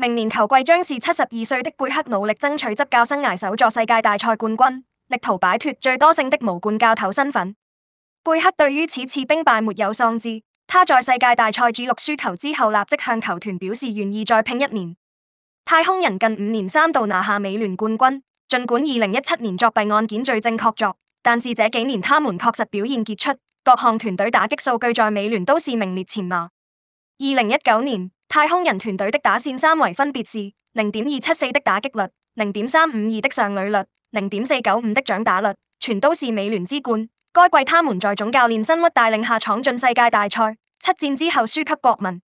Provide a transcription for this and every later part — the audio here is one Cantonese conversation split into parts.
明年球季將是七十二歲的貝克努力爭取執教生涯首座世界大賽冠軍，力圖擺脫最多勝的無冠教頭身份。貝克對於此次兵敗沒有喪志，他在世界大賽主六輸球之後，立即向球團表示願意再拼一年。太空人近五年三度拿下美聯冠軍，盡管二零一七年作弊案件罪證確鑿，但是這幾年他們確實表現傑出，各項團隊打擊數據在美聯都是名列前茅。二零一九年。太空人團隊的打線三圍分別是零點二七四的打擊率、零點三五二的上壘率、零點四九五的長打率，全都是美聯之冠。該季他們在總教練辛區帶領下闖進世界大賽，七戰之後輸給國民。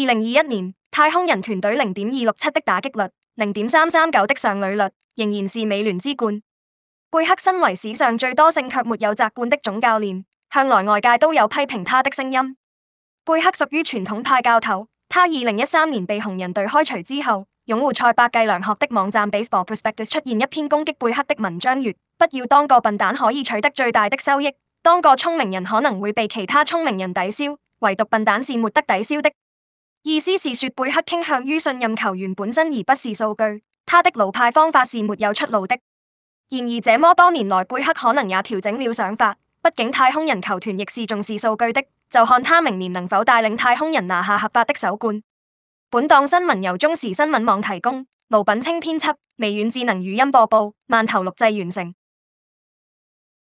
二零二一年，太空人團隊零點二六七的打擊率、零點三三九的上壘率，仍然是美聯之冠。貝克身為史上最多勝卻沒有摘冠的總教練，向來外界都有批評他的聲音。貝克屬於傳統派教頭。他二零一三年被紅人隊開除之後，擁護賽伯計量學的網站《Baseball Prospectus》出現一篇攻擊貝克的文章，曰：不要當個笨蛋可以取得最大的收益，當個聰明人可能會被其他聰明人抵消，唯獨笨蛋是沒得抵消的。意思是說，貝克傾向於信任球員本身而不是數據。他的老派方法是沒有出路的。然而，這麼多年來，貝克可能也調整了想法，畢竟太空人球團亦是重視數據的。就看他明年能否帶領太空人拿下合法的首冠。本檔新聞由中時新聞網提供，盧品清編輯，微軟智能語音播報，饅頭錄製完成。